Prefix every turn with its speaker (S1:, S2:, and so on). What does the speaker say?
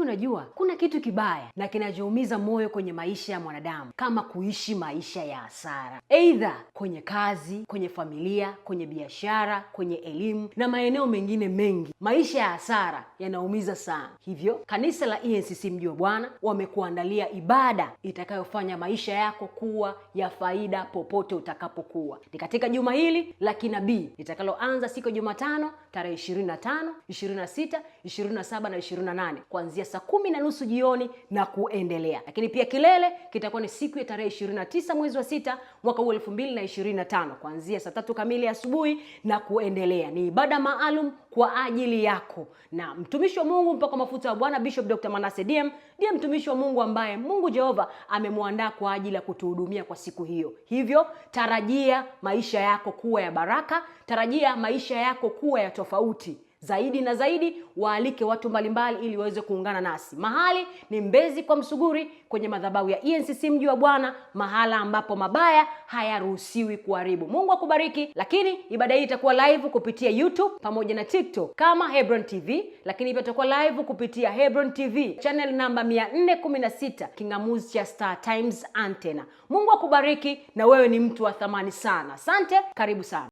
S1: hivi unajua kuna kitu kibaya na kinachoumiza moyo kwenye maisha ya mwanadamu kama kuishi maisha ya hasara, eidha kwenye kazi, kwenye familia, kwenye biashara, kwenye elimu na maeneo mengine mengi. Maisha ya hasara yanaumiza sana, hivyo kanisa la ENCC Mji wa Bwana wamekuandalia ibada itakayofanya maisha yako kuwa ya faida popote utakapokuwa. Ni katika juma hili la kinabii litakaloanza siku ya Jumatano tarehe 25, 26, 27 na 28 kuanzia saa kumi na nusu jioni na kuendelea. Lakini pia kilele kitakuwa ni siku ya tarehe 29 mwezi wa sita mwaka huu 2025 kuanzia saa tatu kamili asubuhi na kuendelea. Ni ibada maalum kwa ajili yako na mtumishi wa Mungu mpaka mafuta wa Bwana Bishop Dr. Manase DM ndiye mtumishi wa Mungu ambaye Mungu Jehova amemwandaa kwa ajili ya kutuhudumia kwa siku hiyo. Hivyo tarajia maisha yako kuwa ya baraka, tarajia maisha yako kuwa ya tofauti zaidi na zaidi, waalike watu mbalimbali ili waweze kuungana nasi. Mahali ni Mbezi kwa Msuguri kwenye madhabahu ya ENCC Mji wa Bwana, mahala ambapo mabaya hayaruhusiwi kuharibu. Mungu akubariki. Lakini ibada hii itakuwa live kupitia YouTube pamoja na TikTok kama Hebron TV, lakini pia itakuwa live kupitia Hebron TV channel namba 416 Kingamuzi cha Star Times Antenna. Mungu akubariki, na wewe ni mtu wa thamani sana. Asante, karibu sana.